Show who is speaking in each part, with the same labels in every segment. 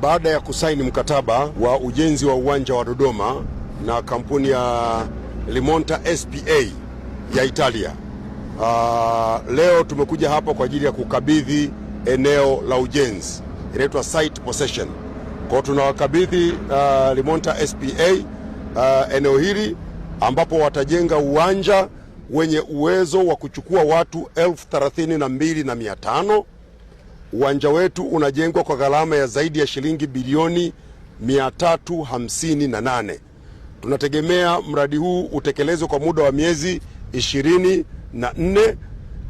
Speaker 1: Baada ya kusaini mkataba wa ujenzi wa uwanja wa Dodoma na kampuni ya Limonta SPA ya Italia. Uh, leo tumekuja hapa kwa ajili ya kukabidhi eneo la ujenzi, inaitwa site possession kwa tunawakabidhi uh, Limonta SPA uh, eneo hili ambapo watajenga uwanja wenye uwezo wa kuchukua watu elfu thelathini na mbili na mia tano. Uwanja wetu unajengwa kwa gharama ya zaidi ya shilingi bilioni 358. Tunategemea mradi huu utekelezwe kwa muda wa miezi 24 na,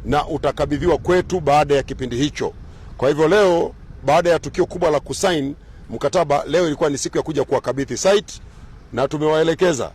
Speaker 1: na utakabidhiwa kwetu baada ya kipindi hicho. Kwa hivyo leo baada ya tukio kubwa la kusaini mkataba. Leo ilikuwa ni siku ya kuja kuwakabidhi site, na tumewaelekeza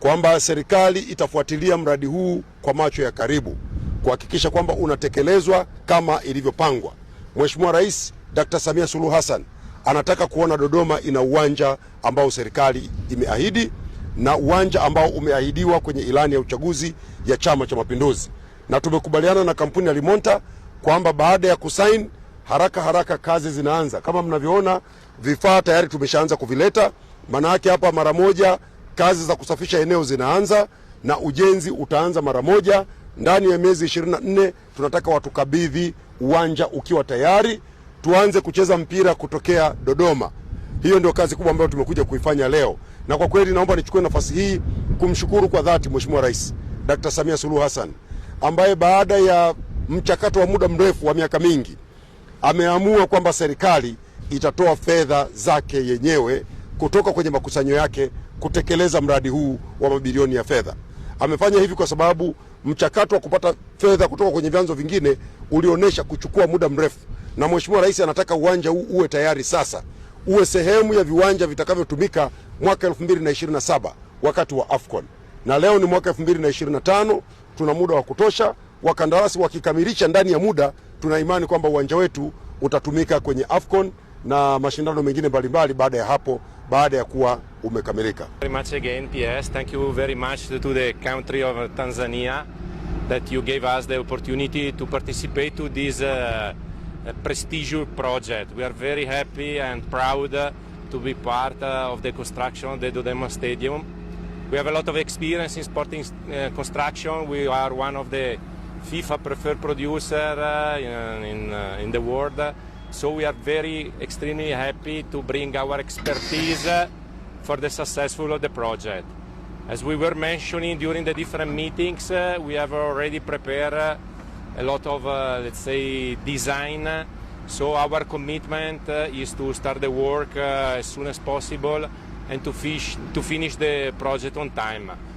Speaker 1: kwamba serikali itafuatilia mradi huu kwa macho ya karibu kuhakikisha kwamba unatekelezwa kama ilivyopangwa. Mheshimiwa Rais Dr. Samia Suluhu Hassan anataka kuona Dodoma ina uwanja ambao serikali imeahidi na uwanja ambao umeahidiwa kwenye ilani ya uchaguzi ya Chama cha Mapinduzi, na tumekubaliana na kampuni ya Limonta kwamba baada ya kusaini haraka haraka kazi zinaanza. Kama mnavyoona vifaa tayari tumeshaanza kuvileta, maana yake hapa mara moja kazi za kusafisha eneo zinaanza na ujenzi utaanza mara moja. Ndani ya miezi 24 tunataka watukabidhi uwanja ukiwa tayari, tuanze kucheza mpira kutokea Dodoma. Hiyo ndio kazi kubwa ambayo tumekuja kuifanya leo, na kwa kweli naomba nichukue nafasi hii kumshukuru kwa dhati Mheshimiwa Rais Dr. Samia Suluhu Hassan ambaye baada ya mchakato wa muda mrefu wa miaka mingi ameamua kwamba serikali itatoa fedha zake yenyewe kutoka kwenye makusanyo yake kutekeleza mradi huu wa mabilioni ya fedha. Amefanya hivi kwa sababu mchakato wa kupata fedha kutoka kwenye vyanzo vingine ulionyesha kuchukua muda mrefu, na Mheshimiwa Rais anataka uwanja huu uwe tayari sasa, uwe sehemu ya viwanja vitakavyotumika mwaka 2027 wakati wa AFCON, na leo ni mwaka 2025, tuna muda wa kutosha wakandarasi wakikamilisha ndani ya muda, tuna imani kwamba uwanja wetu utatumika kwenye AFCON na mashindano mengine mbalimbali baada ya hapo, baada ya kuwa umekamilika.
Speaker 2: Very much again, PS. Thank you very much to the country of Tanzania that you gave us the opportunity to participate to this uh, uh prestigious project. We are very happy and proud uh, to be part uh, of the construction of the Dodema Stadium. We have a lot of experience in sporting uh, construction. We are one of the FIFA preferred producer uh, in, uh, uh, in the world. So we are very extremely happy to bring our expertise for the successful of the project. As we were mentioning during the different meetings, uh, we have already prepared uh, a lot of, uh, let's say, design. So our commitment is to start the work as soon as possible and to, fish, to finish the project on time.